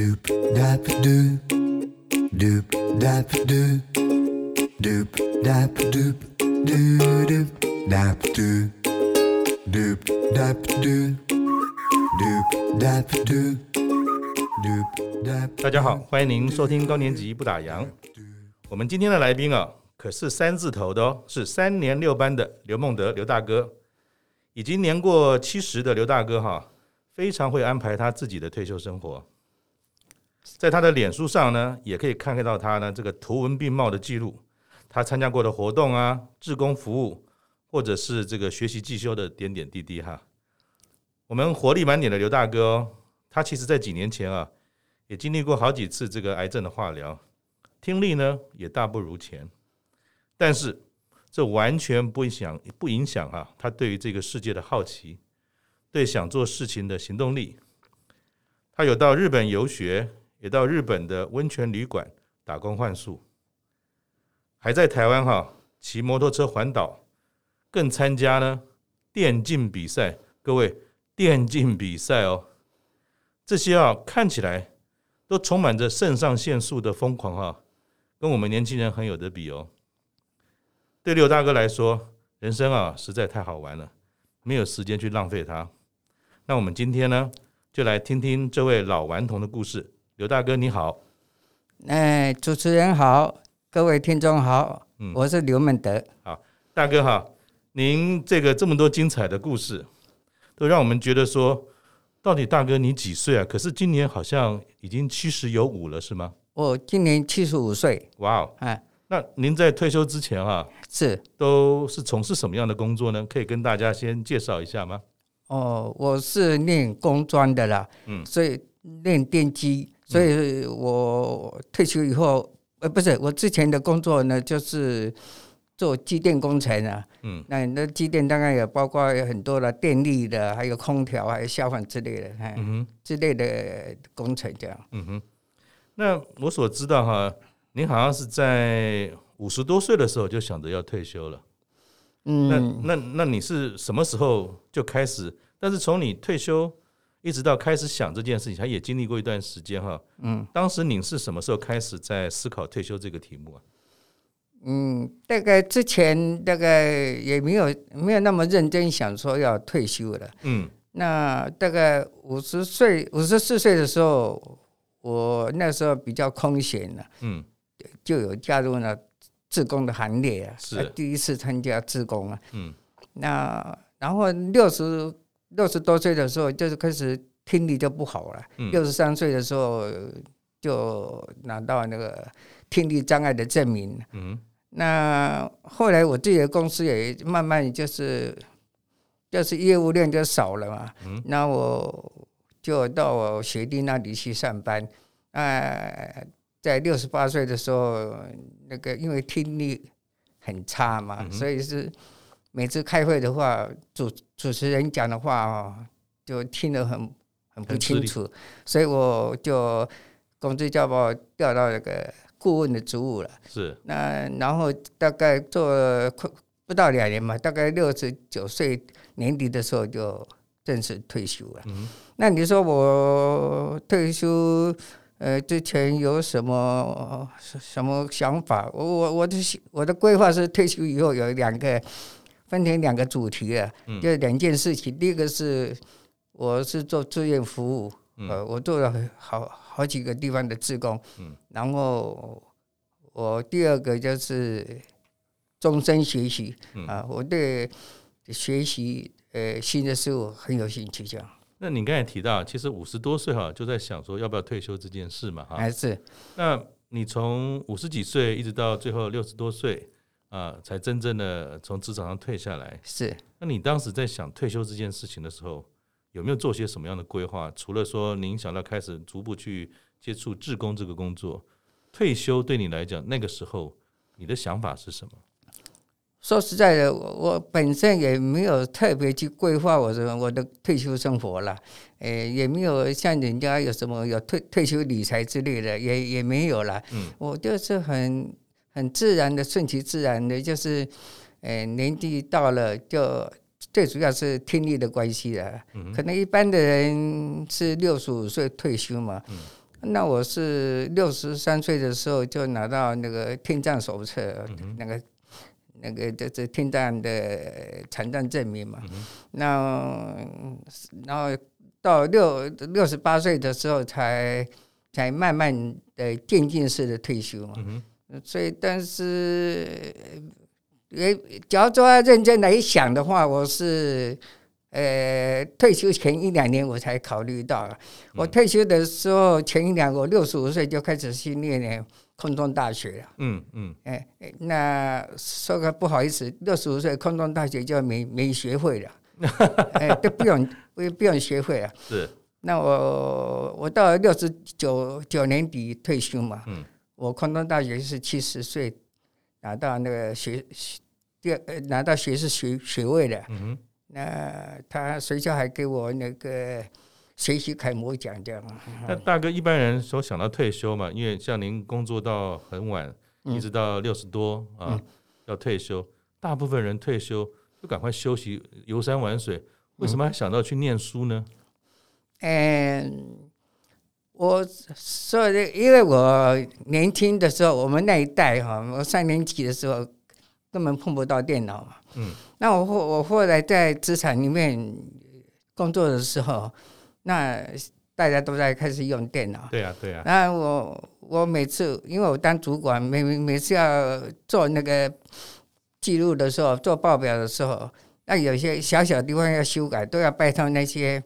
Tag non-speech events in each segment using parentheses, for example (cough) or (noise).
Doop dap d o o doop dap d o o doop dap doop doop dap doop doop dap doop doop dap。大家好，歡迎您收聽高年級不打烊。我們今天的來賓啊，可是三字頭的哦，是三年六班的劉孟德，劉大哥，已經年過七十的劉大哥哈、啊，非常會安排他自己的退休生活。在他的臉書上呢，也可以看得到他呢這個圖文並茂的記錄，他參加過的活動啊、志工服務，或者是這個學習進修的點點滴滴哈。我們活力滿點的劉大哥哦，他其實在幾年前啊，也經歷過好幾次這個癌症的化療，聽力呢也大不如前，但是這完全不影響，不影響啊。他對於這個世界的好奇，對想做事情的行動力，他有到日本遊學。也到日本的溫泉旅館打工換宿，還在台灣哈騎摩托車環島，更參加呢電競比賽。各位，電競比賽哦，這些啊看起來都充滿着腎上腺素的瘋狂哈、啊，跟我們年輕人很有的比哦。對劉大哥來說，人生啊實在太好玩了，沒有時間去浪費它。那我們今天呢，就來聽聽這位老頑童的故事。劉大哥你好，哎、呃，主持人好，各位聽眾好，嗯，我是劉孟德。好，大哥哈，您這個這麼多精彩的故事，都讓我們覺得說，到底大哥你幾歲啊？可是今年好像已經七十有五了，是嗎？我今年七十五歲。哇哦 Wow,、嗯，哎，那您在退休之前啊，是都是從事什麼樣的工作呢？可以跟大家先介紹一下嗎？哦，我是念工專的啦，嗯，所以念電機。所以，我退休以後，呃，不是，我之前的工作呢，就是做機電工程啊。嗯，那那機電大概也包括有很多的電力的，還有空調，還有消防之類的，嗯哼，之類的工程這樣。嗯哼，那我所知道哈，你好像是在五十多歲的時候就想着要退休了。嗯，那那那你是什麼時候就開始？但是從你退休。一直到開始想這件事情，他也經歷過一段時間哈。嗯，當時您是什麼時候開始在思考退休這個題目啊？嗯，大概之前大概也沒有沒有那麼認真想說要退休了。嗯，那大概五十歲五十四歲的時候，我那時候比較空閒了啊。嗯，就有加入了志工的行列啊，是第一次參加志工啊。嗯，那然後六十。六十多歲的時候，就是開始聽力就不好了。六十三歲的時候，就拿到那個聽力障礙的證明。那後來我自己的公司也慢慢就是就是業務量就少了嘛。那我就到我學弟那裡去上班。啊，在六十八歲的時候，那個因為聽力很差嘛，所以是。每次開會的話，主主持人講的話哦，就聽得很很不清楚，所以我就工資就把我調到那個顧問的職務了。是，那然後大概做快不到兩年嘛，大概六十九歲年底的時候就正式退休了。嗯，那你說我退休呃之前有什麼什麼想法？我我我的我的規劃是退休以後有兩個。分成兩個主題啊，就兩件事情。嗯、第一個是我是做志願服務，嗯、呃，我做了好好幾個地方的志工。嗯，然後我第二個就是終身學習、嗯、啊，我對學習呃新的事物很有興趣。這樣，那你剛才提到，其實五十多歲哈，就在想說要不要退休這件事嘛？哈、呃，是。那你從五十幾歲一直到最後六十多歲？啊，才真正的從職場上退下來。是，那你當時在想退休這件事情的時候，有沒有做些什麼樣的規劃？除了說您想到開始逐步去接觸志工這個工作，退休對你來講，那個時候你的想法是什麼？說實在的，我我本身也沒有特別去規劃我的我的退休生活了，誒、欸，也沒有像人家有什麼有退退休理財之類的，也也沒有了。嗯，我就是很。很自然的，順其自然的，就是，誒、欸，年紀到了，就最主要是聽力的關係了。嗯、哼可能一般的人是六十五歲退休嘛，嗯、那我是六十三歲的時候就拿到那個聽障手冊、嗯哼那個，那個那個這這聽障的殘障證明嘛。嗯、哼那然後到六六十八歲的時候才才慢慢的漸進式的退休嘛。嗯所以，但是，也假如說認真來想的話，我是，呃，退休前一兩年我才考慮到了。嗯、我退休的時候前一兩年，我六十五歲就開始去念空中大學了。嗯嗯。哎、嗯、哎、欸，那說個不好意思，六十五歲空中大學就沒沒學會了。哎、欸， (laughs) 都不用，我也不用學會了。是。那我我到六十九九年底退休嘛。嗯。我空中大學是七十歲拿到那個學第呃拿到學士學學位的，嗯、哼那他學校還給我那個學習楷模獎這樣。嗯、那大哥，一般人說想到退休嘛，因為像您工作到很晚，嗯、一直到六十多啊，嗯、要退休。大部分人退休就趕快休息，遊山玩水。為什麼還想到去念書呢？嗯，嗯。嗯我說的，所以因為我年輕的時候，我們那一代哈，我三年級的時候根本碰不到電腦嘛。嗯。那我後我後來在職場裡面工作的時候，那大家都在開始用電腦。對呀、啊，對呀、啊。那我我每次因為我當主管，每每次要做那個記錄的時候，做報表的時候，那有些小小地方要修改，都要拜託那些。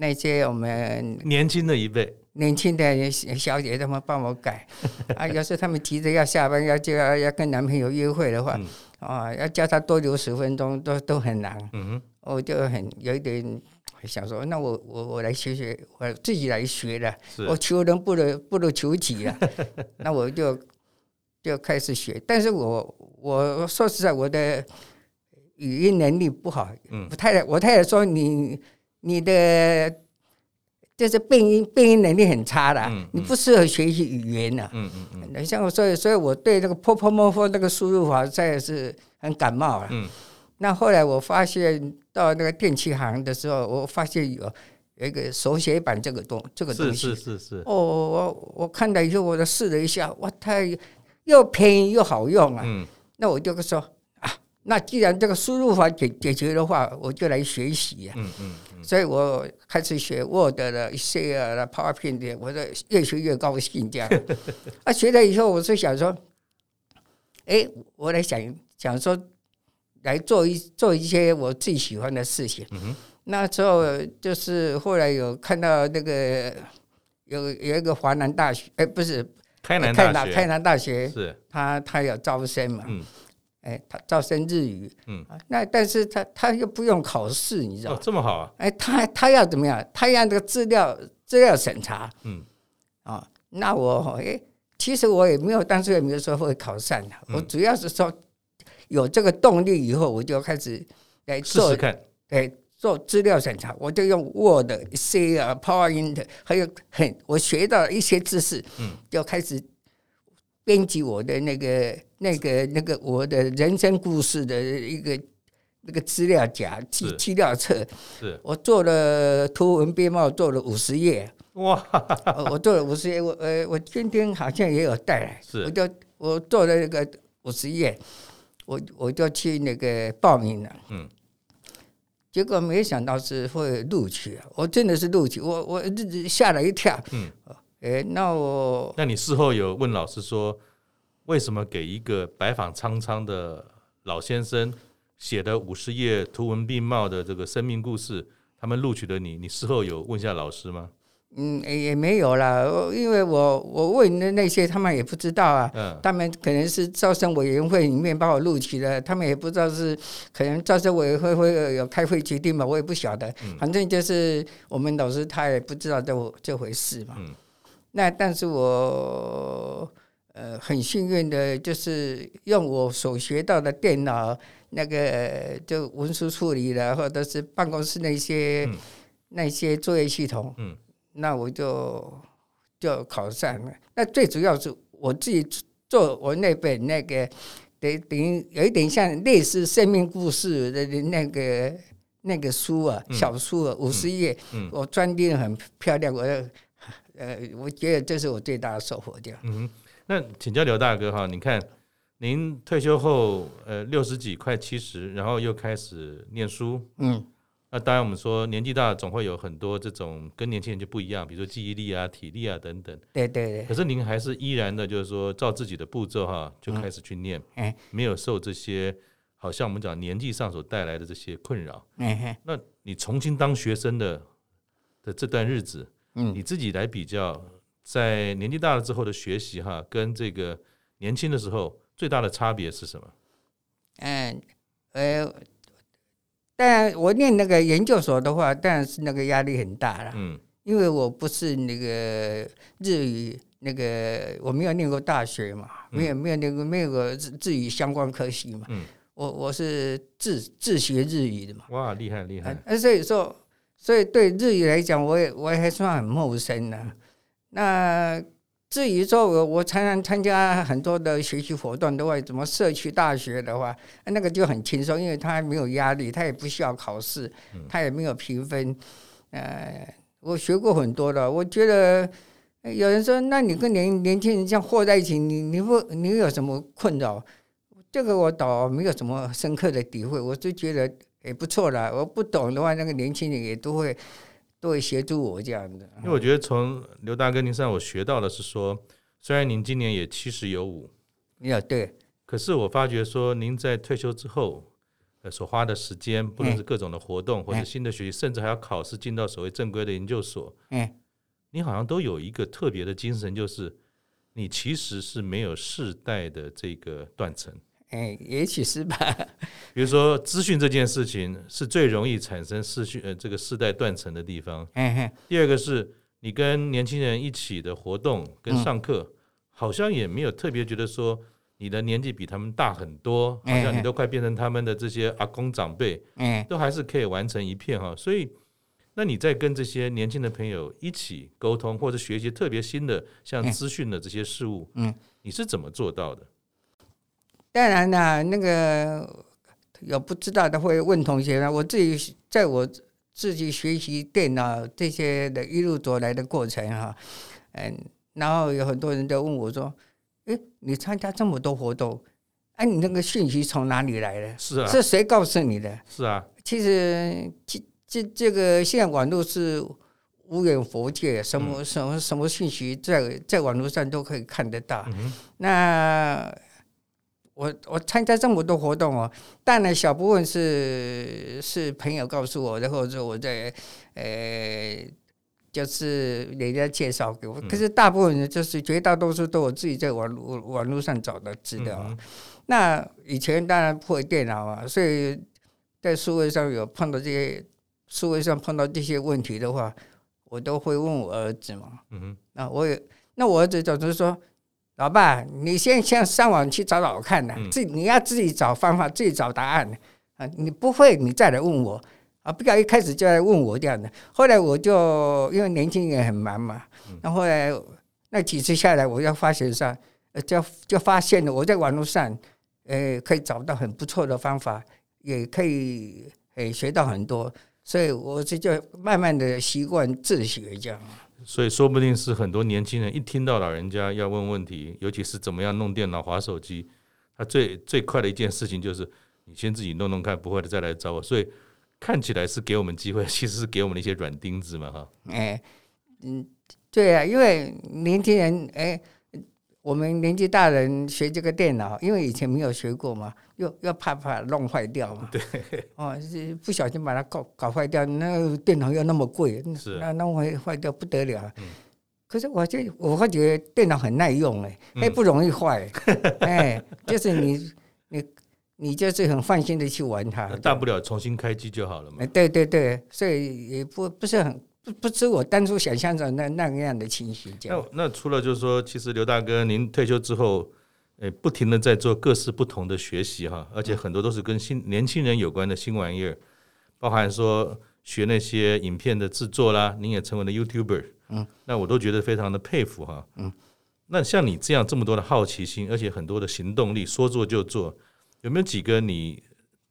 那些我們年輕的一輩，年輕的小姐，他們幫我改啊。 (laughs) 要是他們急着要下班，要就要要跟男朋友約會的話，嗯、啊，要叫他多留十分鐘都都很難。嗯嗯，我就很有一點想說，那我我我來學學，我自己來學的。是 我求人不如不如求己啊。 (laughs) 那我就就開始學，但是我我說實在，我的語音能力不好。我、嗯、太太，我太太說你。你的就是辨音辨音能力很差的，嗯、你不適合學習語言的，啊嗯。嗯，嗯像我所以所以我對那個 popo mofo 那個輸入法這也是很感冒了。嗯、那後來我發現到那個電器行的時候，我發現有有一個手寫板這個東這個東西。是是是是哦，我我看到以後，我就試了一下，哇，它又便宜又好用啊！嗯、那我就說。那既然這個輸入法解解決的話，我就來學習呀。嗯嗯、所以我開始學 Word 了、Excel 了、PowerPoint， (noise) 我是越學越高興。這樣，啊，學了以後，我是想說，哎、欸，我來想想說，來做一做一些我最喜歡的事情。嗯、哼那時候就是後來有看到那個有有一個華南大學，哎、欸，不是開南大學，開、欸、南大學他他要招生嘛？嗯哎，他招生日語，嗯，那但是他他又不用考試，你知道嗎？哦，這麼好啊！哎，他他要怎麼樣？他要這個資料資料審查，嗯，啊，那我哎，其實我也沒有，當時也沒有說會考上，我主要是說有這個動力以後，我就開始來做，試試哎，做資料審查，我就用 Word、啊、Excel PowerPoint，還有很我學到一些知識，嗯，就開始。編輯我的那個、那個、那個我的人生故事的一個那個資料夾、資資料冊，是是 我做了圖文並茂，做了五十頁。哇，我做了五十頁，我呃，我今天好像也有帶來。是我就，我我做了那個五十頁，我我就去那個報名了。嗯，結果沒想到是會錄取，我真的是錄取，我我嚇了一跳。嗯誒，那我……那你事後有問老師說，為什麼給一個白髮蒼蒼的老先生寫的五十頁圖文並茂的這個生命故事，他們錄取的你？你事後有問一下老師嗎？嗯，也也沒有啦，因為我我問的那些他們也不知道啊。嗯，他們可能是招生委員會裡面把我錄取的，他們也不知道是可能招生委員會會有開會決定吧，我也不曉得。嗯，反正就是我們老師他也不知道這這回事嘛。嗯。那但是我呃很幸運的，就是用我所學到的電腦那個就文書處理了，或者是辦公室那些、嗯、那些作業系統，嗯、那我就就考上了。那最主要是我自己做我那本那個，等等有一點像類似生命故事的那個那個書啊，小書啊，五十頁，頁嗯嗯、我裝訂很漂亮，我。呃，我覺得這是我最大的收穫這樣。嗯，那請教劉大哥哈，你看您退休後，呃，六十幾快七十，然後又開始念書，嗯，那當然我們說年紀大總會有很多這種跟年輕人就不一樣，比如說記憶力啊、體力啊等等。對對對。可是您還是依然的，就是說照自己的步驟哈、啊，就開始去念，嗯、哎，沒有受這些好像我們講年紀上所帶來的這些困擾。嗯、哎，那你重新當學生的的這段日子。嗯，你自己來比較，在年紀大了之後的學習哈，跟這個年輕的時候最大的差別是什麼？嗯，呃，但我念那個研究所的話，但是那個壓力很大了。嗯，因為我不是那個日語那個，我沒有念過大學嘛，沒有、嗯、沒有那個沒有個日日語相關科系嘛。嗯，我我是自自學日語的嘛。哇，厲害厲害、啊！所以說，所以對日語來講，我也我也還算很陌生的啊。那至於說我我常常參加很多的學習活動的話，什麼社區大學的話，那個就很輕鬆，因為他沒有壓力，他也不需要考試，他也沒有評分。呃，我學過很多的，我覺得有人說，那你跟年年輕人這樣混在一起，你你不你有什麼困擾？這個我倒沒有什麼深刻的體會，我就覺得。也不錯啦，我不懂的話，那個年輕人也都會都會協助我這樣的。因為我覺得從劉大哥您身上我學到的是說，雖然您今年也七十有五，也、嗯、對，可是我發覺說，您在退休之後，呃，所花的時間，不論是各種的活動、嗯、或者新的學習，甚至還要考試進到所謂正規的研究所，你、嗯、好像都有一個特別的精神，就是你其實是沒有世代的這個斷層。哎，也許是吧。比如說，資訊這件事情是最容易產生視訊，呃，這個世代斷層的地方。第二個是，你跟年輕人一起的活動跟上課，好像也沒有特別覺得說你的年紀比他們大很多，好像你都快變成他們的這些阿公長輩，嗯，都還是可以完成一片哈。所以，那你在跟這些年輕的朋友一起溝通或者學習特別新的像資訊的這些事物，嗯，你是怎麼做到的？當然啦、啊，那個有不知道的會問同學啦、啊。我自己在我自己學習電腦這些的一路走來的過程哈、啊，嗯，然後有很多人都問我說：“哎、欸，你參加這麼多活動，哎、啊，你那個訊息從哪裡來的？是啊，是誰告訴你的？是啊。其實，這這這個現在網絡是無遠弗屆，什麼、嗯、什麼什麼訊息在在網絡上都可以看得到。嗯、哼那。我我參加這麼多活動哦，當然小部分是是朋友告訴我的，然後是我在呃，就是人家介紹給我，可是大部分就是絕大多數都我自己在網絡網絡上找的資料。知道那以前當然不會電腦啊，所以在數位上有碰到這些數位上碰到這些問題的話，我都會問我兒子嘛。嗯，那我也，那我兒子總是說。老爸，你先先上網去找找看的，自、嗯、你要自己找方法，自己找答案。啊，你不會，你再來問我。啊，不要一開始就來問我這樣的。後來我就因為年輕人很忙嘛，然後呢，那幾次下來，我就發現上就就發現了我在網絡上，呃，可以找到很不錯的方法，也可以呃學到很多，所以我就就慢慢的習慣自學這樣。所以說不定是很多年輕人一聽到老人家要問問題，尤其是怎麼樣弄電腦、滑手機，他最最快的一件事情就是你先自己弄弄看，不會的再來找我。所以看起來是給我們機會，其實是給我們的一些軟釘子嘛，哈。哎，嗯，對啊，因為年輕人，哎。我們年紀大人學這個電腦，因為以前沒有學過嘛，又又怕怕弄壞掉嘛。對。哦、嗯，不小心把它搞搞壞掉，那個、電腦又那麼貴，那弄壞壞掉不得了。是嗯、可是我就我覺得電腦很耐用哎、欸，哎、欸、不容易壞。哎，就是你你你就是很放心的去玩它，大不了重新開機就好了嘛。對對對，所以也不不是很。不止我當初想象中那那樣的情緒那。那那除了就是說，其實劉大哥您退休之後，誒，不停的在做各式不同的學習哈，而且很多都是跟新、嗯、年輕人有關的新玩意兒，包含說學那些影片的制作啦，您也成為了 YouTuber。嗯，那我都覺得非常的佩服哈。嗯，那像你這樣這麼多的好奇心，而且很多的行動力，說做就做，有沒有幾個你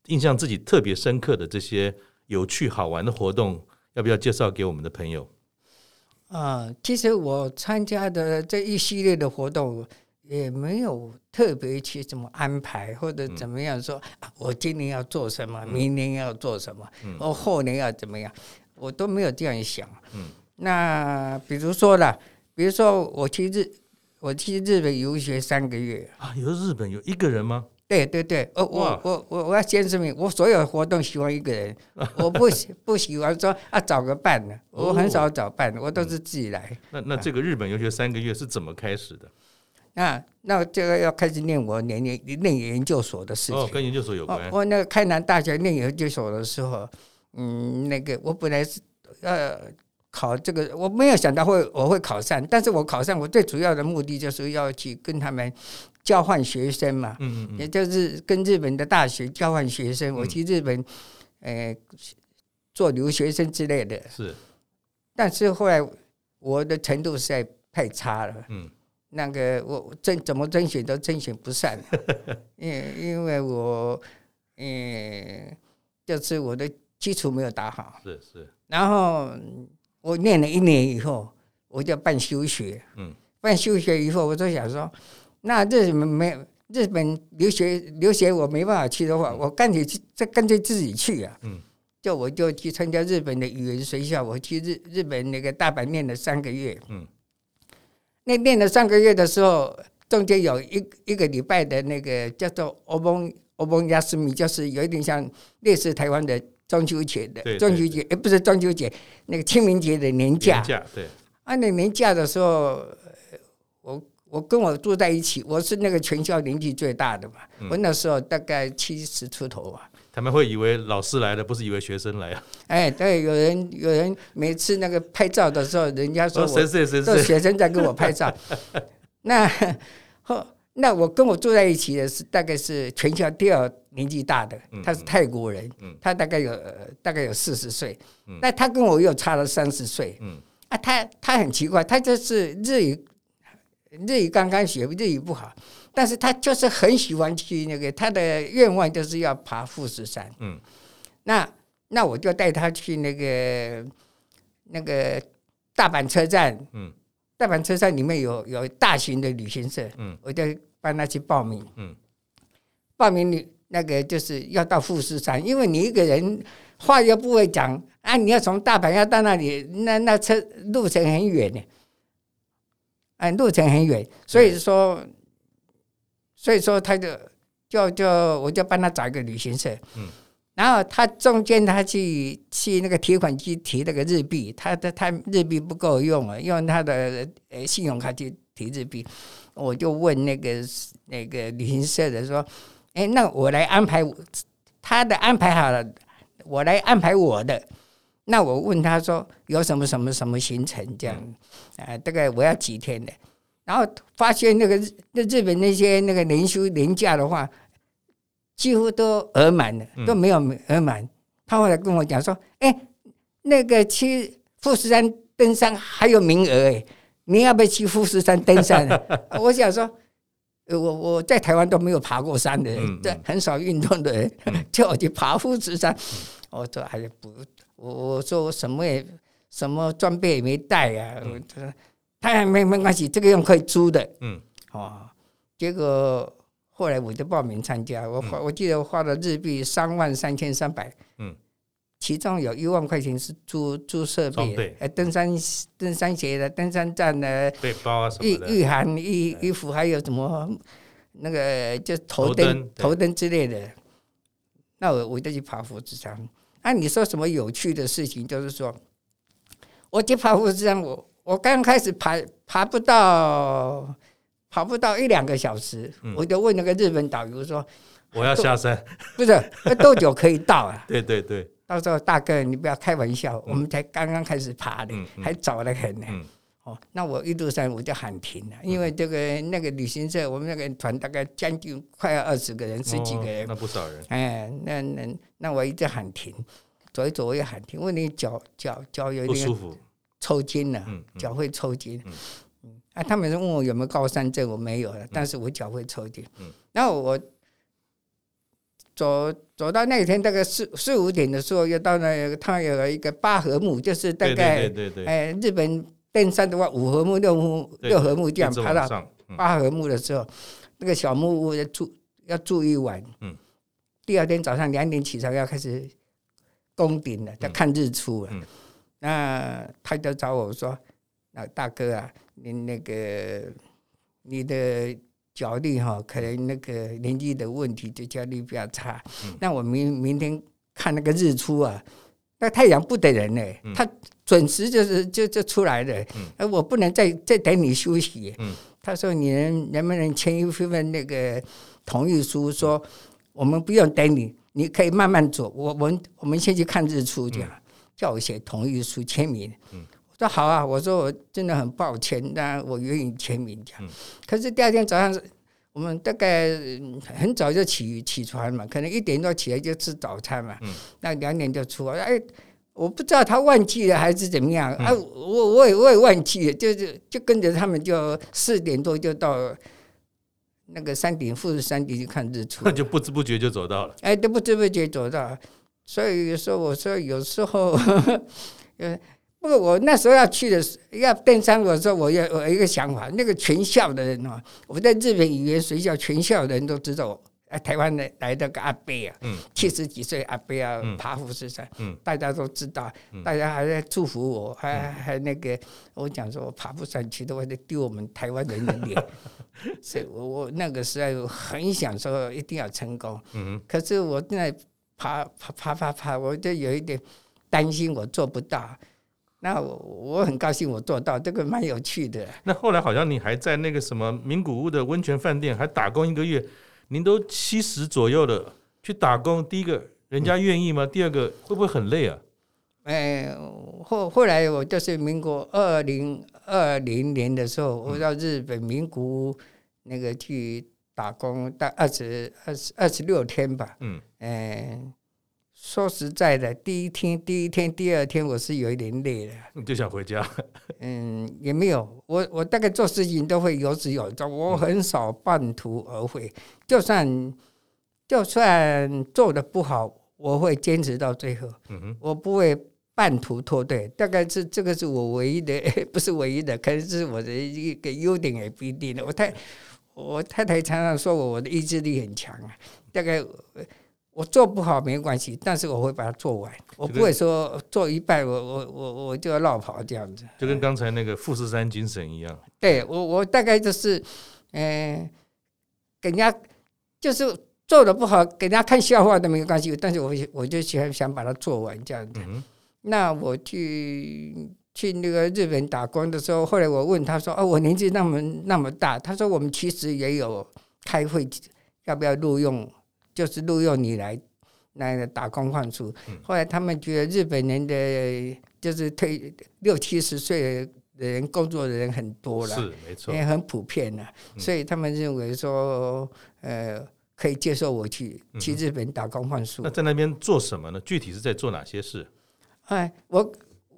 印象自己特別深刻的這些有趣好玩的活動？要不要介紹給我們的朋友？啊、呃，其實我參加的這一系列的活動，也沒有特別去怎麼安排或者怎麼樣說、嗯啊，我今年要做什麼，嗯、明年要做什麼，我、嗯、後年要怎麼樣，我都沒有這樣想。嗯，那比如說了，比如說我去日，我去日本遊學三個月啊，遊日本有一個人嗎？對對對，我哇我我我我要先聲明，我所有活動喜歡一個人，我不喜不喜歡說啊找個伴呢、啊，我很少找伴，哦、我都是自己來。嗯、那那這個日本遊學三個月是怎麼開始的？啊、那那這個要開始念我年年念研究所的事情哦，跟研究所有關我。我那個開南大學念研究所的時候，嗯，那個我本來是呃。考這個我沒有想到會我會考上，但是我考上，我最主要的目的就是要去跟他們交換學生嘛，嗯嗯嗯，也就是跟日本的大學交換學生，我去日本，嗯、呃，做留學生之類的。是，但是後來我的程度實在太差了，嗯，那個我徵怎麼徵選都徵選不上，因 (laughs) 因為我，嗯、呃，就是我的基礎沒有打好，是是，然後。我念了一年以後，我就辦休學。嗯，辦休學以後，我就想說，那日本沒日本留學留學我沒辦法去的話，我乾脆去，乾脆自己去啊。嗯，就我就去參加日本的語言學校，我去日日本那個大阪念了三個月。嗯，那念了三個月的時候，中間有一一個禮拜的那個叫做歐翁歐翁亞斯米，就是有一點像類似台灣的。中秋節的對對對，中秋節，哎、欸，不是中秋節，那個清明節的年假、年假。對，按、啊、那年假的時候，我我跟我住在一起，我是那個全校年紀最大的嘛。嗯、我那時候大概七十出頭吧。他們會以為老師來的，不是以為學生來啊？哎，對，有人有人每次那個拍照的時候，人家說我是學生在給我拍照。 (laughs) 那後。那我跟我住在一起的是大概是全校第二年紀大的，他是泰國人，他大概有大概有四十歲，那他跟我又差了三十歲，啊，他他很奇怪，他就是日語日語剛剛學，日語不好，但是他就是很喜歡去那個，他的願望就是要爬富士山，嗯，那那我就帶他去那個那個大阪車站，嗯，大阪車站裡面有有大型的旅行社，嗯，我就。幫他去報名，嗯，報名你那個就是要到富士山，因為你一個人話又不會講啊，你要從大阪要到那裡，那那車路程很遠的，嗯，路程很遠，所以說，所以說他就就就我就幫他找一個旅行社，嗯，然後他中間他去去那個提款機提那個日幣，他的他日幣不夠用啊，用他的呃信用卡去，皮子皮，我就問那個那個旅行社的說：“哎、欸，那我來安排，他的安排好了，我來安排我的。那我問他說有什麼什麼什麼行程這樣？嗯、啊，大概我要幾天的？然後發現那個日那日本那些那個年休年假的話，幾乎都額滿了，都沒有額滿。嗯、他後來跟我講說：哎、欸，那個去富士山登山還有名額哎。”你要不要去富士山登山，啊？ (laughs) 我想說，我我在台灣都沒有爬過山的人，這、嗯嗯、很少運動的人，叫我、嗯、去爬富士山，我說還是不，我我說我什麼也什麼裝備也沒帶啊。他說、嗯：“哎，沒沒關係，這個用可以租的。”嗯，好、啊。好啊，結果後來我就報名參加，我、嗯、我花我記得我花了日幣三萬三千三百。嗯。其中有一萬塊錢是租租設備中對、呃，登山登山鞋的，登山杖的，背包啊什麼的，御御寒衣衣服，對 還有什麼那個就頭燈頭燈燈之類的。那我我就去爬富士山。啊，你說什麼有趣的事情？就是說，我去爬富士山，我我剛開始爬爬不到，爬不到一兩個小時，嗯、我就問那個日本導遊說：“我要下山。”不是多久可以到啊？ (laughs) 對對對。到時候大哥，你不要開玩笑，嗯、我們才剛剛開始爬的，嗯嗯、還早得很呢。嗯、哦，那我一路上我就喊停了，嗯、因為這個那個旅行社，我們那個團大概將近快要二十個人，十、哦、幾個人，那不少人。哎、嗯，那那那我一直喊停，走一走我也喊停，因為腳腳腳，腳有點抽筋了，腳會抽筋。嗯，哎、嗯啊，他們問我有沒有高山症，我沒有了，但是我腳會抽筋。嗯，嗯那我。走走到那天大概四四五點的時候，又到那他有一個八合目，就是大概哎，日本登山的話，五合目、六目、對對六合目這樣爬到八合目的時候，對對嗯、那個小木屋要住要住一晚。嗯、第二天早上兩點起床要開始攻頂了，要看日出了。嗯、那他就找我說：“那、啊、大哥啊，你那個你的。”腳力哈，可能那個年紀的問題，就腳力比較差，嗯。那我明明天看那個日出啊，那太陽不等人呢，他，嗯，準時就是就就出來了。嗯，而我不能再再等你休息。嗯，他說你能能不能簽一份那個同意書，說，說、嗯、我們不用等你，你可以慢慢走。我們我們先去看日出去，嗯，叫我寫同意書簽名。嗯。說好啊！我說我真的很抱歉，但我願意簽名。可是第二天早上，我們大概很早就起起床嘛，可能一點多起來就吃早餐嘛。嗯、那兩點就出了。哎，我不知道他忘記了還是怎麼樣。哎、嗯啊，我我也我也忘記了，就是就跟着他們，就四點多就到那個山頂富士山頂去看日出。那 (laughs) 就不知不覺就走到了。哎，都不知不覺走到。所以說，我說有時候，呃。 (laughs) 不過我那時候要去的要登山，我說我有我一個想法。那個全校的人啊，我在日本語言學校，全校的人都知道我、啊、台灣來來的個阿伯啊，七十、嗯、幾歲阿伯啊，嗯、爬富士山，嗯、大家都知道，嗯、大家還在祝福我，還、嗯、還那個我講說我爬不上去的話就丟我們台灣人的臉。所以 (laughs) 我那個時候很想說一定要成功，可是我現在爬爬爬爬爬，我就有一點擔心，我做不到。那我我很高興，我做到這個蠻有趣的、啊。那後來好像你還在那個什麼名古屋的溫泉飯店還打工一個月，您都七十左右了去打工，第一個，人家願意嗎？嗯、第二個會不會很累啊？哎、欸，後後來我就是民國二零二零年的時候，我到日本名古屋那個去打工，大二十二二十六天吧。嗯。哎、欸。說實在的，第一天、第一天、第二天，我是有一點累的。你就想回家？嗯，也沒有。我我大概做事情都會有始有終，我很少半途而廢、嗯。就算就算做得不好，我會堅持到最後。嗯哼，我不會半途脫隊。大概是這個是我唯一的，不是唯一的，可能是我的一個優點，也不一定的。我太、嗯、我太太常常說我我的意志力很強啊，大概。我做不好沒關係，但是我會把它做完。哦、我不會說做一半，我我我我就要落跑這樣子。就跟剛才那個富士山精神一樣。對我我大概就是，呃、欸，給人家就是做得不好，給人家看笑話都沒關係。但是我，我我就喜歡想把它做完這樣子。嗯、哼那我去去那個日本打工的時候，後來我問他說：“哦，我年紀那麼那麼大。”他說：“我們其實也有開會，要不要錄用？”就是錄用你來來打工換宿。後來他們覺得日本人的就是退六七十歲的人工作的人很多了，是沒錯，也很普遍了。嗯、所以他們認為說，呃，可以接受我去去日本打工換宿，嗯。那在那邊做什麼呢？具體是在做哪些事？哎，我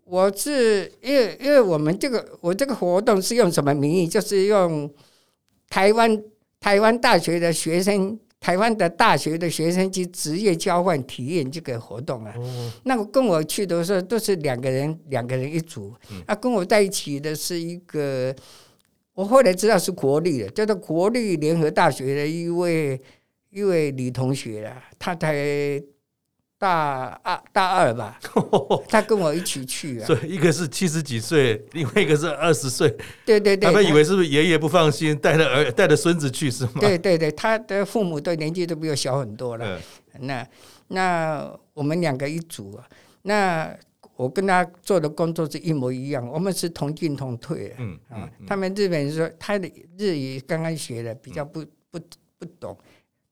我是因為因為我們這個我這個活動是用什麼名義？就是用台灣台灣大學的學生。台灣的大學的學生去職業交換體驗這個活動啊，那個跟我去的時候都是兩個人兩個人一組，啊，跟我在一起的是一個，我後來知道是國立的，叫做國立聯合大學的一位一位女同學啊，她在。.大二、啊、大二吧，呵呵呵他跟我一起去、啊。對，所以一個是七十幾歲，另外一個是二十歲。對對對，他們以為是不是爺爺不放心，帶着兒帶着孫子去是嗎？對對對，他的父母都年紀都比我小很多了。對那那我們兩個一組啊。那我跟他做的工作是一模一樣，我們是同進同退、啊嗯。嗯啊，嗯他們日本人說他的日語剛剛學的，比較不、嗯、不不，不懂。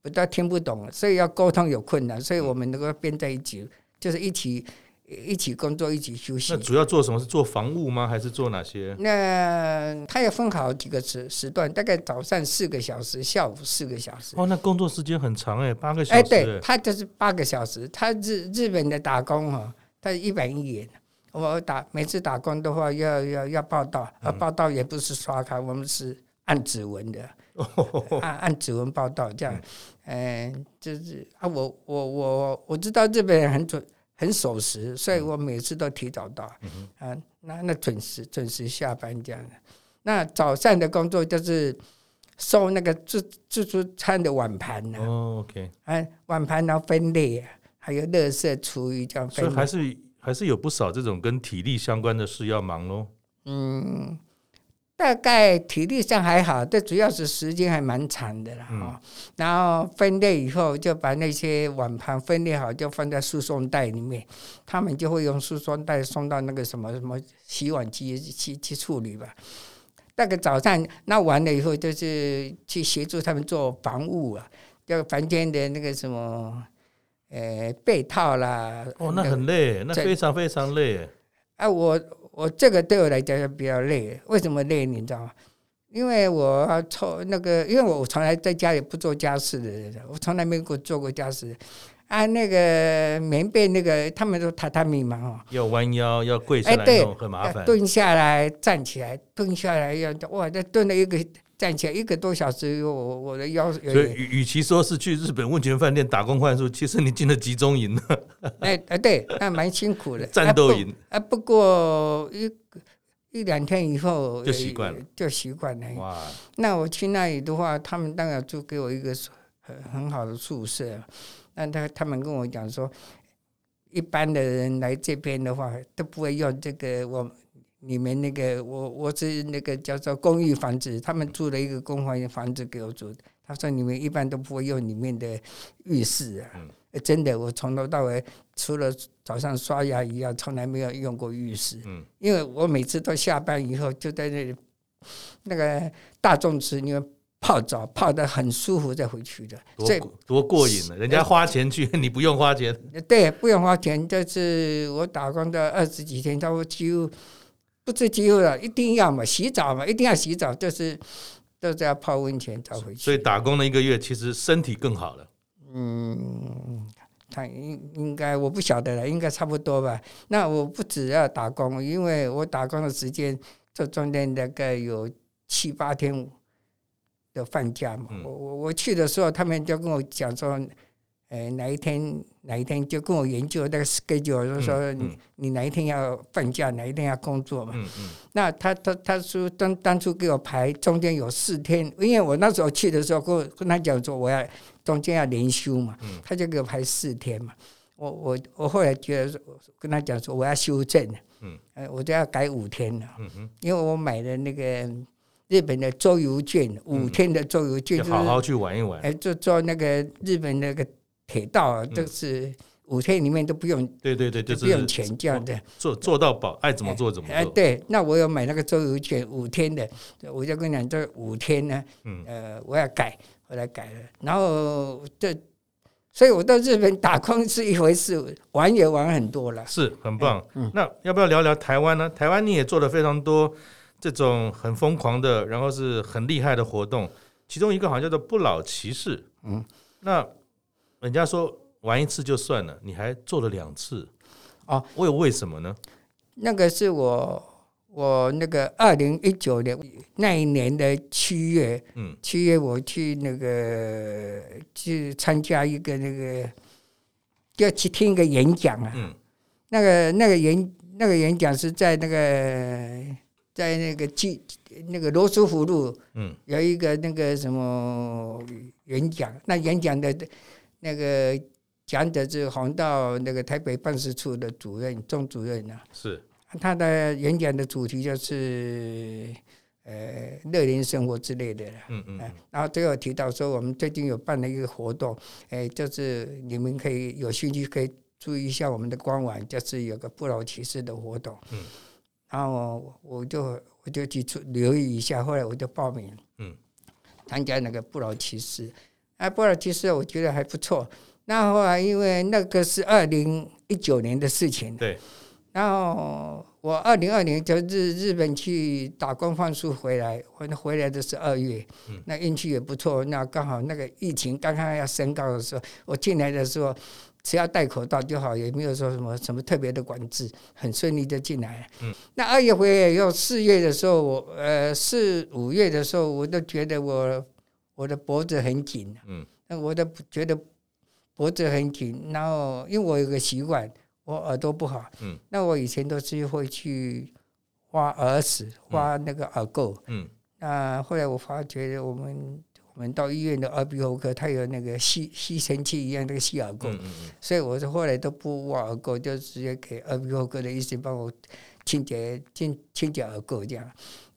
不都聽不懂，所以要溝通有困難，所以我們能夠編在一起，就是一起一起工作，一起休息。那主要做什麼？是做房務嗎？還是做哪些？那他也分好幾個時時段大概早上四個小時，下午四個小時。哦，那工作時間很長哎、欸，八個小時、欸。欸、對，他就是八個小時。他日日本的打工哈、哦，他一板一眼。我打每次打工的話要，要要要報到，啊，報到也不是刷卡，我們是按指紋的。按、哦、按指紋報到這樣，哎、嗯呃，就是啊，我我我我知道日本人很準很守時，所以我每次都提早到、嗯、哼啊，那那準時準時下班這樣的。那早上的工作就是收那個自自助餐的碗盤呢、啊哦。OK。哎、啊，碗盤然後分類，還有垃圾廚餘這樣分。所以還是還是有不少這種跟體力相關的事要忙咯。嗯。大概體力上還好，但主要是時間還蠻長的了哈。嗯、然後分類以後，就把那些碗盤分類好，就放在輸送帶裡面。他們就會用輸送帶送到那個什麼什麼洗碗機去去處理吧。那個早上那完了以後，就是去協助他們做房務啊，就房間的那個什麼，呃，被套啦。哦，那很累，嗯、那非常非常累。哎、啊，我。我這個對我來講就比較累，為什麼累？你知道嗎？因為我從那個，因為我從來在家裡不做家事的人，我從來沒給我做過家事。按、啊、那個棉被，那個他們都榻榻米嘛，要彎腰，要跪下來用，欸、對很麻煩，蹲下來，站起來，蹲下來要哇，這蹲了一個。站起來一個多小時以後，我我的腰，所以與其說是去日本溫泉飯店打工換宿，其實你進了集中營了。哎哎，對，那、啊、蠻辛苦的。戰鬥營啊，啊，不過一一兩天以後就習慣了，就習慣了。哇，那我去那裡的話，他們當然就給我一個很很好的宿舍。那他他們跟我講說，一般的人來這邊的話都不會用這個我，你們那個，我我是那個叫做公寓房子，他們租了一個公房房子給我住。他說你們一般都不會用裡面的浴室啊，嗯、真的，我從頭到尾除了早上刷牙以外，從來沒有用過浴室。嗯，因為我每次都下班以後就在那裡那個大眾池裡面泡澡，泡得很舒服，再回去的。多多過癮了！人家花錢去，欸、你不用花錢。對，不用花錢。這次我打工的二十幾天，差不多幾乎。這機會了，一定要嘛，洗澡嘛，一定要洗澡，就是都是要泡溫泉才回去。所以打工的一個月，其實身體更好了。嗯，他應應該我不曉得了，應該差不多吧。那我不只要打工，因為我打工的時間，這中間大概有七八天的放假嘛。嗯、我我我去的時候，他們就跟我講說，哎、呃，哪一天？哪一天就跟我研究那個 schedule，就、嗯嗯、說你你哪一天要放假，哪一天要工作嘛。嗯嗯、那他他他說當當初給我排中間有四天，因為我那時候去的時候跟跟他講說我要中間要連休嘛。嗯、他就給我排四天嘛。我我我後來覺得跟他講說我要修正。嗯、呃。我就要改五天了。嗯、哼因為我買了那個日本的周遊券，嗯、五天的周遊券、就是。好好去玩一玩。呃、就做那個日本那個。鐵道啊，都、就是五天裡面都不用，嗯、對對對，就是不用錢、就是、這樣的，坐坐到飽，愛怎麼坐怎麼坐哎。哎，對，那我有買那個周遊券五天的，我就跟你講，這五天呢，嗯、呃，我要改，我來改了。然後這，所以我到日本打工是一回事，玩也玩很多了，是很棒。哎、那、嗯、那要不要聊聊台灣呢？台灣你也做了非常多這種很瘋狂的，然後是很厲害的活動，其中一個好像叫做不老騎士。嗯，那。人家說玩一次就算了，你還做了兩次，啊？為為什麼呢？那個是我我那個二零一九年那一年的七月，七月，嗯，七月我去那個去參加一個那個，要去聽一個演講啊、嗯那個，那個那個演那個演講是在那個在那個即那個羅斯福路，嗯，有一個那個什麼演講，嗯、那演講的。那個講者是弘道那個台北辦事處的主任鍾主任呢、啊，是他的演講的主題就是呃樂齡生活之類的嗯嗯、呃，然後最後提到說，我們最近有辦了一個活動，哎、呃，就是你們可以有興趣可以注意一下我們的官網，就是有個不老騎士的活動，嗯，然後我就我就去留意一下，後來我就報名，嗯，參加那個不老騎士。埃博爾提斯，其實我覺得還不錯。那後來因為那個是二零一九年的事情。對。然後我二零二零就日日本去打工放書回來，我回來的是二月，那運氣也不錯。那剛好那個疫情剛剛要升高的時候，我進來的時候只要戴口罩就好，也沒有說什麼什麼特別的管制，很順利的進來。嗯。那二月回來又四月的時候我，我呃四五月的時候，我都覺得我。我的脖子很緊，嗯，那我都覺得脖子很緊，然後因為我有個習慣，我耳朵不好，嗯，那我以前都是會去挖耳屎，挖那個耳垢，嗯，嗯，那後來我發覺，我們我們到醫院的耳鼻喉科，他有那個吸吸塵器一樣那個吸耳垢，嗯嗯，所以我就後來都不挖耳垢，就直接給耳鼻喉科的醫生幫我清潔清清潔耳垢這樣。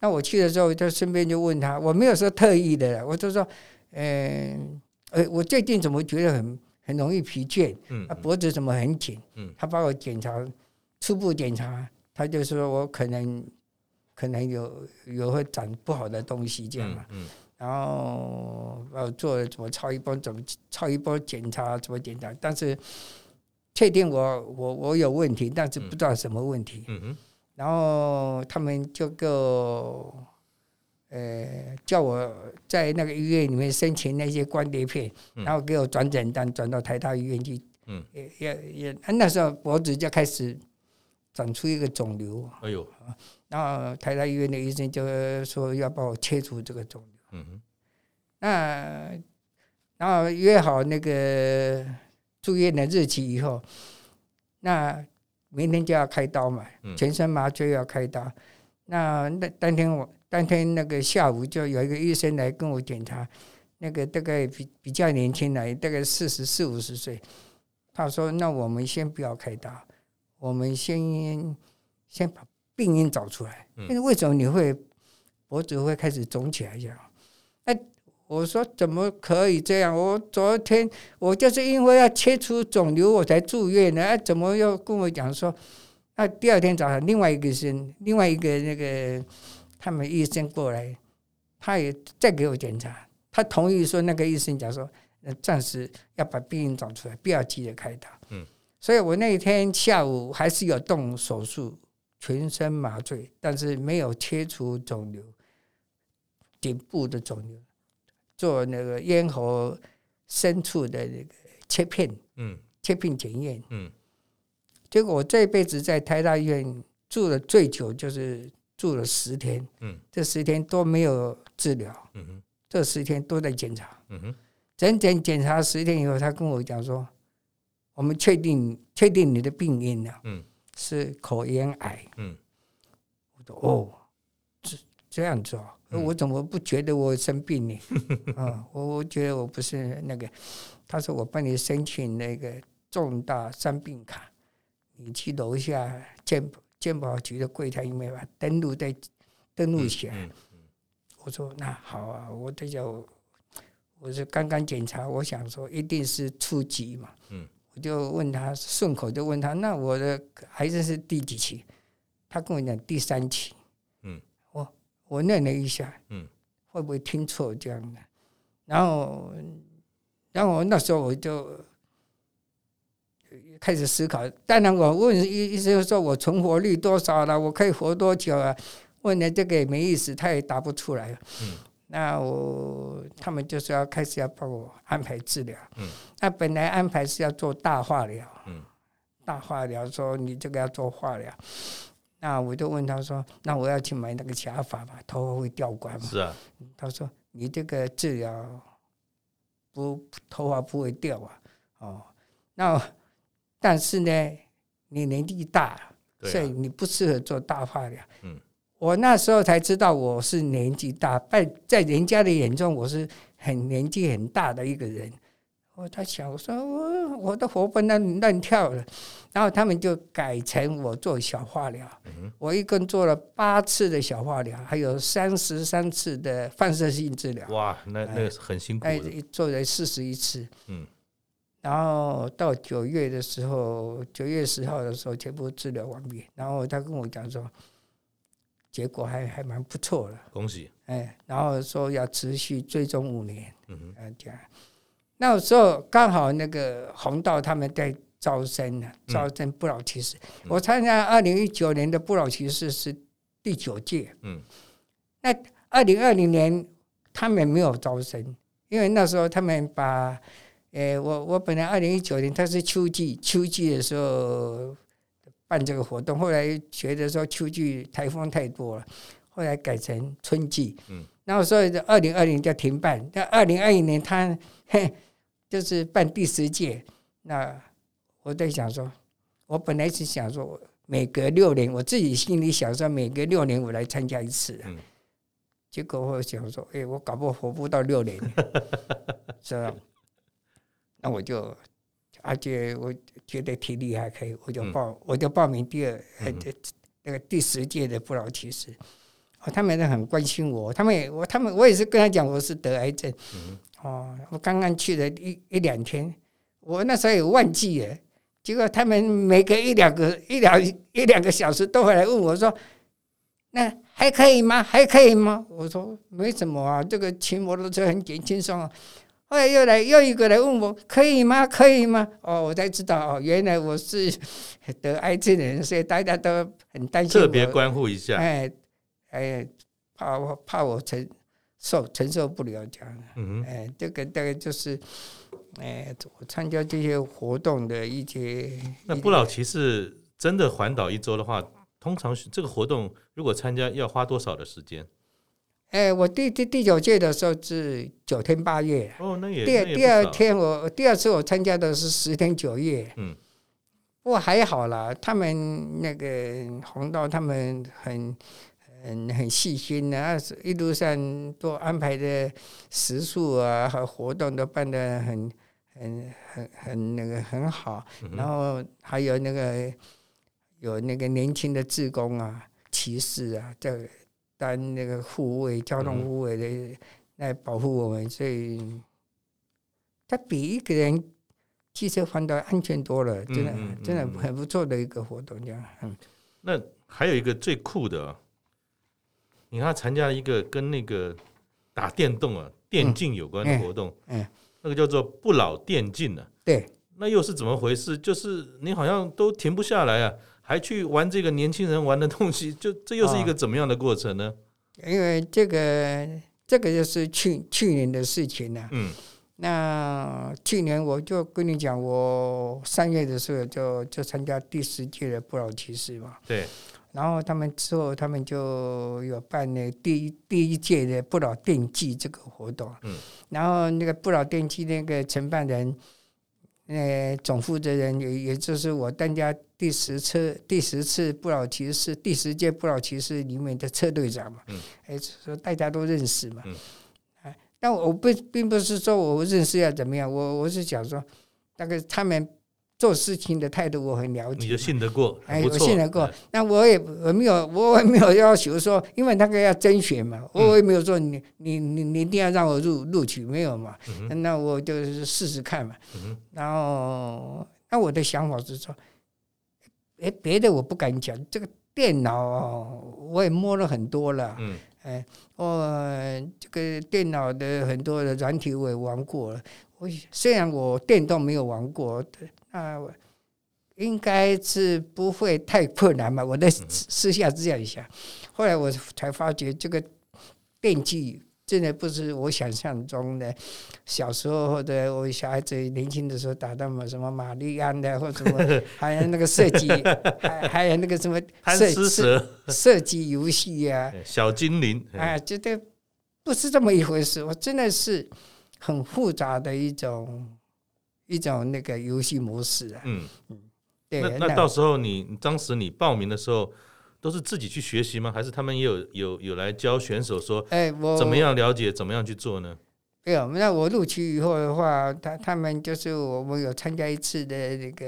那我去的時候，他順便就問他，我沒有說特意的，我就說，嗯，呃、欸，我最近怎麼覺得很很容易疲倦，嗯、啊，脖子怎麼很緊，他幫我檢查，初步檢查，他就說我可能可能有有會長不好的東西這樣嘛，嗯嗯、然後幫我做了怎麼超音波怎麼超音波檢查怎麼檢查，但是確定我我我有問題，但是不知道什麼問題，嗯，嗯然後他們就給我，呃，叫我在那個醫院裡面申請那些光碟片，嗯、然後給我轉診單轉到台大醫院去。嗯，也也也，那時候脖子就開始長出一個腫瘤。哎呦！然後台大醫院的醫生就說要幫我切除這個腫瘤。嗯哼。那然後約好那個住院的日期以後，那。明天就要開刀嘛，全身麻醉要開刀。那、嗯、那當天我當天那個下午就有一個醫生來跟我檢查，那個大概比比較年輕的，大概四十四五十歲。他說：“那我們先不要開刀，我們先先把病因找出來。那、嗯、為，為什麼你會脖子會開始腫起來這樣？”欸我說，怎麼可以這樣？我昨天我就是因為要切除腫瘤我才住院呢、啊，怎麼又跟我講說？那第二天早上，另外一個醫生，另外一個那個他們醫生過來，他也再給我檢查，他同意說那個醫生講說，暫時要把病人找出來，不要急着開刀。嗯，所以我那天下午還是有動手術，全身麻醉，但是沒有切除腫瘤頂部的腫瘤。做那個咽喉深處的那個切片，嗯、切片檢驗，嗯、結果我這輩子在台大醫院住了最久，就是住了十天，嗯、這十天都沒有治療，嗯、哼這十天都在檢查，嗯、哼整整檢查十天以後，他跟我講說，我們確定確定你的病因了，啊，嗯、是口咽癌，嗯、我說哦，這這樣做，哦。嗯、我怎麼不覺得我生病呢？啊、 (laughs) 嗯，我我覺得我不是那個。他說：“我幫你申請那個重大傷病卡，你去樓下健保健保局的櫃檯那沒把登錄在登錄一下、嗯嗯嗯、我說：“那好啊，我這就……我是剛剛檢查，我想說一定是初級嘛。”嗯，我就問他，順口就問他：“那我的癌症是第幾期？”他跟我講：“第三期。”我念了一下，嗯，會不會聽錯這樣的啊？然後，然後那時候我就開始思考。當然，我問醫醫生說我存活率多少了啊？我可以活多久啊？問了這個也沒意思，他也答不出來。嗯，那我他們就是要開始要幫我安排治療。嗯，他本來安排是要做大化療。嗯，大化療說你這個要做化療。那我就問他說：“那我要去買那個假髮吧，頭髮會掉光嗎？”是啊，他說：“你這個治療不頭髮不會掉啊。”哦，那但是呢，你年紀大，啊、所以你不適合做大化療的。嗯，我那時候才知道我是年紀大，但在人家的眼中我是很年紀很大的一個人。我、哦、他想說我說我都活蹦亂亂跳了，然後他們就改成我做小化療，嗯、哼我一共做了八次的小化療，還有三十三次的放射性治療。哇，那那很辛苦。哎，做了四十一次。嗯，然後到九月的時候，九月十號的時候，全部治療完畢。然後他跟我講說，結果還還蠻不錯的。恭喜！哎，然後說要持續追蹤五年。嗯哼這樣。那時候剛好那個弘道他們在招生呢，招生不老騎士。嗯嗯、我參加二零一九年的不老騎士是第九屆，嗯，那二零二零年他們沒有招生，因為那時候他們把，欸、我我本來二零一九年他是秋季，秋季的時候辦這個活動，後來覺得說秋季颱風太多了，後來改成春季，嗯，然後所以二零二零就停辦，但二零二一年他。嘿就是辦第十屆，那我在想說，我本來是想說，每隔六年，我自己心裡想說，每隔六年我來參加一次，啊。嗯、結果我想說，哎，欸，我搞不好活不到六年，是樣， (laughs) 那我就，而，啊，且我覺得體力還可以，我就報，嗯，我就報名第二，那個，嗯、第十屆的不老騎士。啊，他們都很關心我，他們也，我他們我也是跟他講，我是得癌症。嗯哦，我剛剛去了一一兩天，我那時候有忘記耶。結果他們每隔一兩個一兩一兩個小時都會來問我說：“那還可以嗎？還可以嗎？”我說：“沒什麼啊，這個騎摩托車很簡輕鬆啊。”後來又來又一個來問我：“可以嗎？可以嗎？”哦，我才知道哦，原來我是得癌症的人，所以大家都很擔心，特別關護一下，哎哎，怕我怕我成。受承受不了這樣的，嗯、哼哎，這個大概就是，哎，我參加這些活動的一些。那不老騎士真的環島一周的話，通常這個活動如果參加要花多少的時間？哎，我第第第九屆的時候是九天八夜，哦，那也。第二也第二天我第二次我參加的是十天九夜，嗯，我還好了，他們那個弘道他們很。嗯，很細心的啊，一路上都安排的食宿啊和活動都辦得很很很很那個很好，然後還有那個有那個年輕的志工啊、騎士啊在當那個護衛、交通護衛的來保護我們，嗯、所以他比一個人機車環島安全多了，真的，真的很不錯的一個活動，這樣。嗯、那還有一個最酷的。你看他參加一個跟那個打電動啊、電競有關的活動，嗯，欸欸、那個叫做“不老電競”啊。對，那又是怎麼回事？就是你好像都停不下來啊，還去玩這個年輕人玩的東西，就這又是一個怎麼樣的過程呢？哦、因為這個，這個就是去去年的事情了、啊。嗯，那去年我就跟你講，我三月的時候就就參加第十屆的不老騎士嘛。對。然後他們之後，他們就有辦那第一第一屆的不老電競這個活動。然後那個不老電競那個承辦人，那、呃、總負責人也也就是我當家第十次第十次不老騎士第十屆不老騎士裡面的車隊長嘛。哎、呃，說大家都認識嘛。哎，但我不並不是說我認識要怎麼樣，我我是想說，那個他們。做事情的態度我很了解，你就信得過，哎，我信得過。嗯、那我也我沒有，我也沒有要求說，因為那個要甄選嘛，我也沒有說你、嗯、你你你一定要讓我入錄取，沒有嘛？嗯、那我就試試看嘛。嗯、然後，那我的想法是說，哎、欸，別的我不敢講，這個電腦、哦、我也摸了很多了，嗯，哎，我、哦、這個電腦的很多的軟體我也玩過了，我雖然我電動沒有玩過，啊，我應該是不會太困難吧。我在私下這樣一下，後來我才發覺這個電競真的不是我想象中的。小時候或者我小孩子年輕的時候打到什麼瑪麗安的，或者什麼還有那個射擊，還 (laughs) 還有那個什麼射擊射擊遊戲啊， (laughs) 小精靈，哎，這這、啊、 (laughs) 不是這麼一回事。我真的是很複雜的一種。一種那個遊戲模式啊，嗯，嗯，對。那到時候你當時你報名的時候，都是自己去學習嗎？還是他們也有有有來教選手說，哎，我怎麼樣了解，怎麼樣去做呢？欸、沒有，那我錄取以後的話，他他們就是我們有參加一次的那個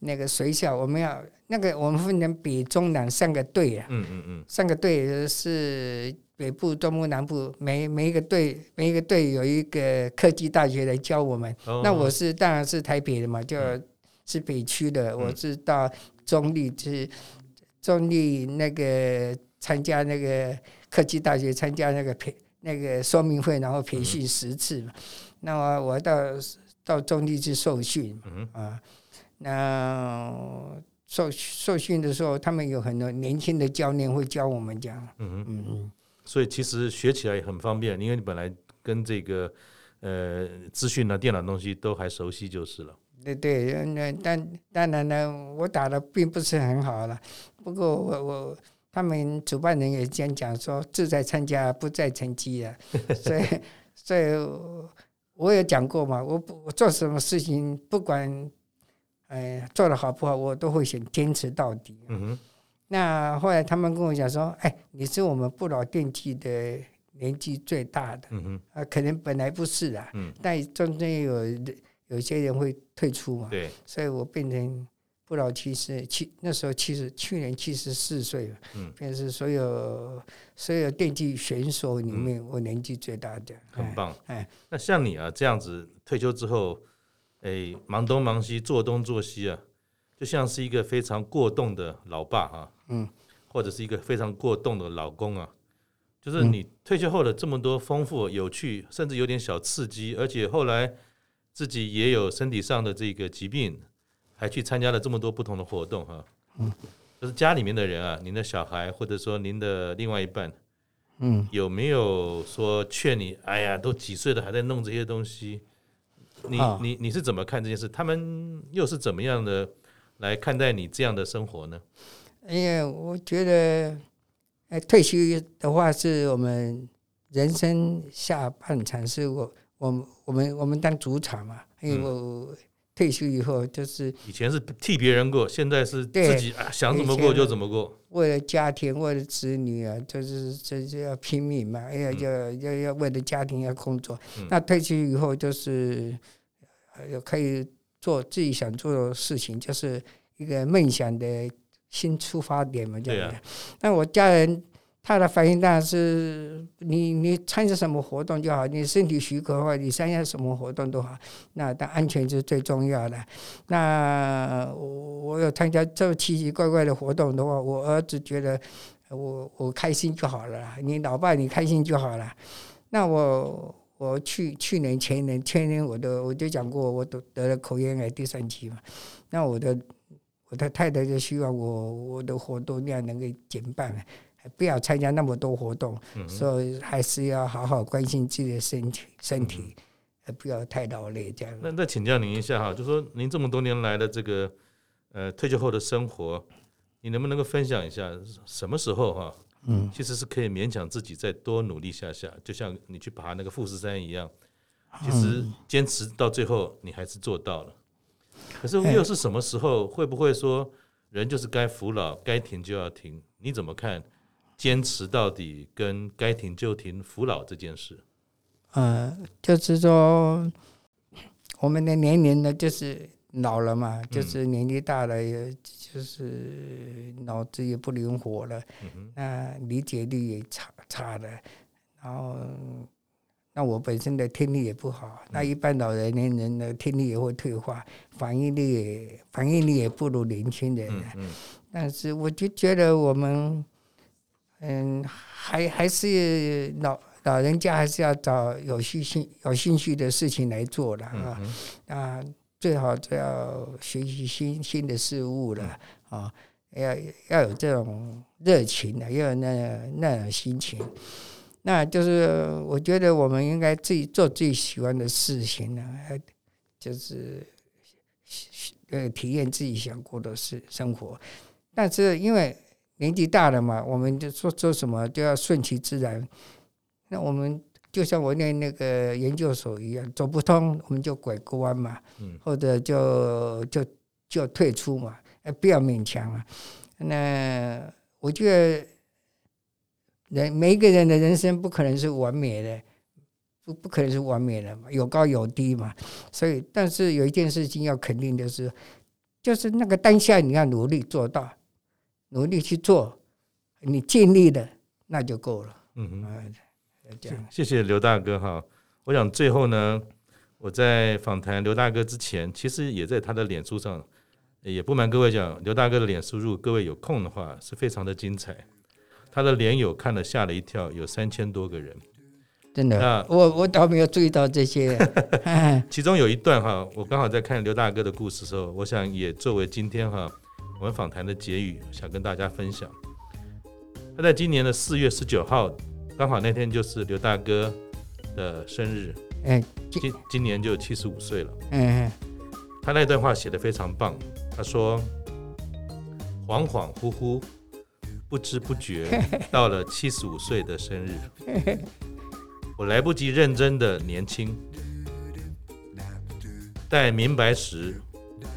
那個學校，我們要。那個我們分成北中南三個隊啊，嗯嗯嗯，三個隊是北部、中部、南部，每每一個隊每一個隊有一個科技大學來教我們。那我是當然是台北的嘛，就是北區的。我是到中壢去，中壢那個參加那個科技大學參加那個培那個說明會，然後培訓十次嘛。那我我到到中壢去受訓，啊，那。受受訓的時候，他們有很多年輕的教練會教我們講。嗯嗯哼嗯嗯，所以其實學起來也很方便，因為你本來跟這個呃資訊呢、啊，電腦東西都還熟悉就是了。對對，那但當然呢，我打的並不是很好了。不過我我他們主辦人也這樣講說，志在參加，不在成績啊。所以 (laughs) 所以我也講過嘛，我不我做什麼事情不管，哎，做得好不好，我都會想堅持到底，啊。嗯哼。那後來他們跟我講說：“哎，你是我們不老電競的年紀最大的。”嗯哼。啊，可能本來不是的。嗯。但中間有有些人會退出嘛。對。所以我變成不老七十七，那時候七十去年七十四歲了。嗯。便是所有所有電競選手裡面，嗯、我年紀最大的。哎，很棒。哎，那像你啊這樣子退休之後。哎，忙東忙西，做東做西啊，就像是一個非常過動的老爸啊，嗯，或者是一個非常過動的老公啊，就是你退休後的這麼多豐富、有趣，甚至有點小刺激，而且後來自己也有身體上的這個疾病，還去參加了這麼多不同的活動哈，啊，嗯，就是家裡面的人啊，您的小孩或者說您的另外一半，嗯，有沒有說勸你？哎呀，都幾歲了，還在弄這些東西？你你你是怎麼看這件事？他們又是怎麼樣的來看待你這樣的生活呢？哎呀，我覺得，哎，退休的話是我們人生下半場，是我我我們我們我們當主場嘛，因為我。嗯退休以後就是以前是替別人過，現在是自己對、啊、想怎麼過就怎麼過。為了家庭，為了子女啊，就是就是要拼命嘛，要要要要為了家庭要工作。嗯、那退休以後就是，可以做自己想做的事情，就是一個夢想的新出發點嘛，這樣。哎、呀那我家人。他的反應當然是你你參加什麼活動就好，你身體許可的話，你參加什麼活動都好。那但安全是最重要的。那我我有參加這麼奇奇怪怪的活動的話，我兒子覺得我我開心就好了。你老爸你開心就好了。那我我去去年前年前年我都我就講過，我都得了口咽癌第三期嘛。那我的我的太太就希望我我的活動量能夠減半。不要參加那麼多活動，嗯、所以還是要好好關心自己的身體，嗯、身體，呃，不要太勞累這樣。那那請教您一下哈，就說您這麼多年來的這個呃退休後的生活，你能不能夠分享一下？什麼時候哈，嗯，其實是可以勉強自己再多努力下下，嗯、就像你去爬那個富士山一樣，其實堅持到最後你還是做到了。可是又是什麼時候？嗯、會不會說人就是該服老，該停就要停？你怎麼看？堅持到底，跟該停就停，服老這件事。呃，就是說，我們的年齡呢，就是老了嘛，嗯、就是年紀大了，也就是腦子也不靈活了，那、嗯哼呃、理解力也差差的。然後，那我本身的聽力也不好，那一般老人、嗯、人的聽力也會退化，反應力反應力也不如年輕人。嗯嗯。但是我就覺得我們。嗯，還還是老老人家還是要找有興興有興趣的事情來做的啊啊，嗯、哼那最好就要學習新新的事物了啊，嗯、要要有這種熱情的，要有那那種心情。那就是我覺得我們應該自己做自己喜歡的事情呢、啊，就是呃體驗自己想過的事生活，但是因為。年紀大了嘛，我們就說做什麼，就要順其自然。那我們就像我念那個研究所一樣，走不通，我們就拐個彎嘛，嗯，或者就就就退出嘛，哎，不要勉強啊。那我覺得人，人每一個人的人生不可能是完美的，不不可能是完美的嘛，有高有低嘛。所以，但是有一件事情要肯定的是，就是那個當下你要努力做到。努力去做，你盡力的那就夠了。嗯嗯哼，樣謝謝劉大哥哈。我想最後呢，我在訪談劉大哥之前，其實也在他的臉書上，也不瞞各位講，劉大哥的臉書如果各位有空的話，是非常的精彩。他的臉友看了嚇了一跳，有三千多個人，真的啊，我我倒沒有注意到這些。 (laughs) 其中有一段哈，我剛好在看劉大哥的故事的時候，我想也作為今天哈。我們訪談的結語，想跟大家分享。他在今年的四月十九號，剛好那天就是劉大哥的生日，哎，今今年就七十五歲了。他那段話寫得非常棒。他說：“恍恍惚惚，不知不覺到了七十五歲的生日，我來不及認真的年輕，待明白時，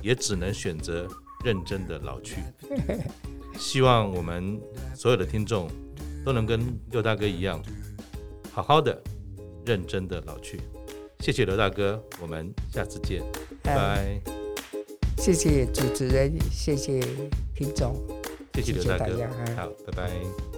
也只能選擇。”認真的老去，希望我們所有的聽眾都能跟劉大哥一樣，好好的、認真的老去。謝謝劉大哥，我們下次見，拜拜。謝謝主持人，謝謝聽眾，謝謝劉大哥，好，拜拜。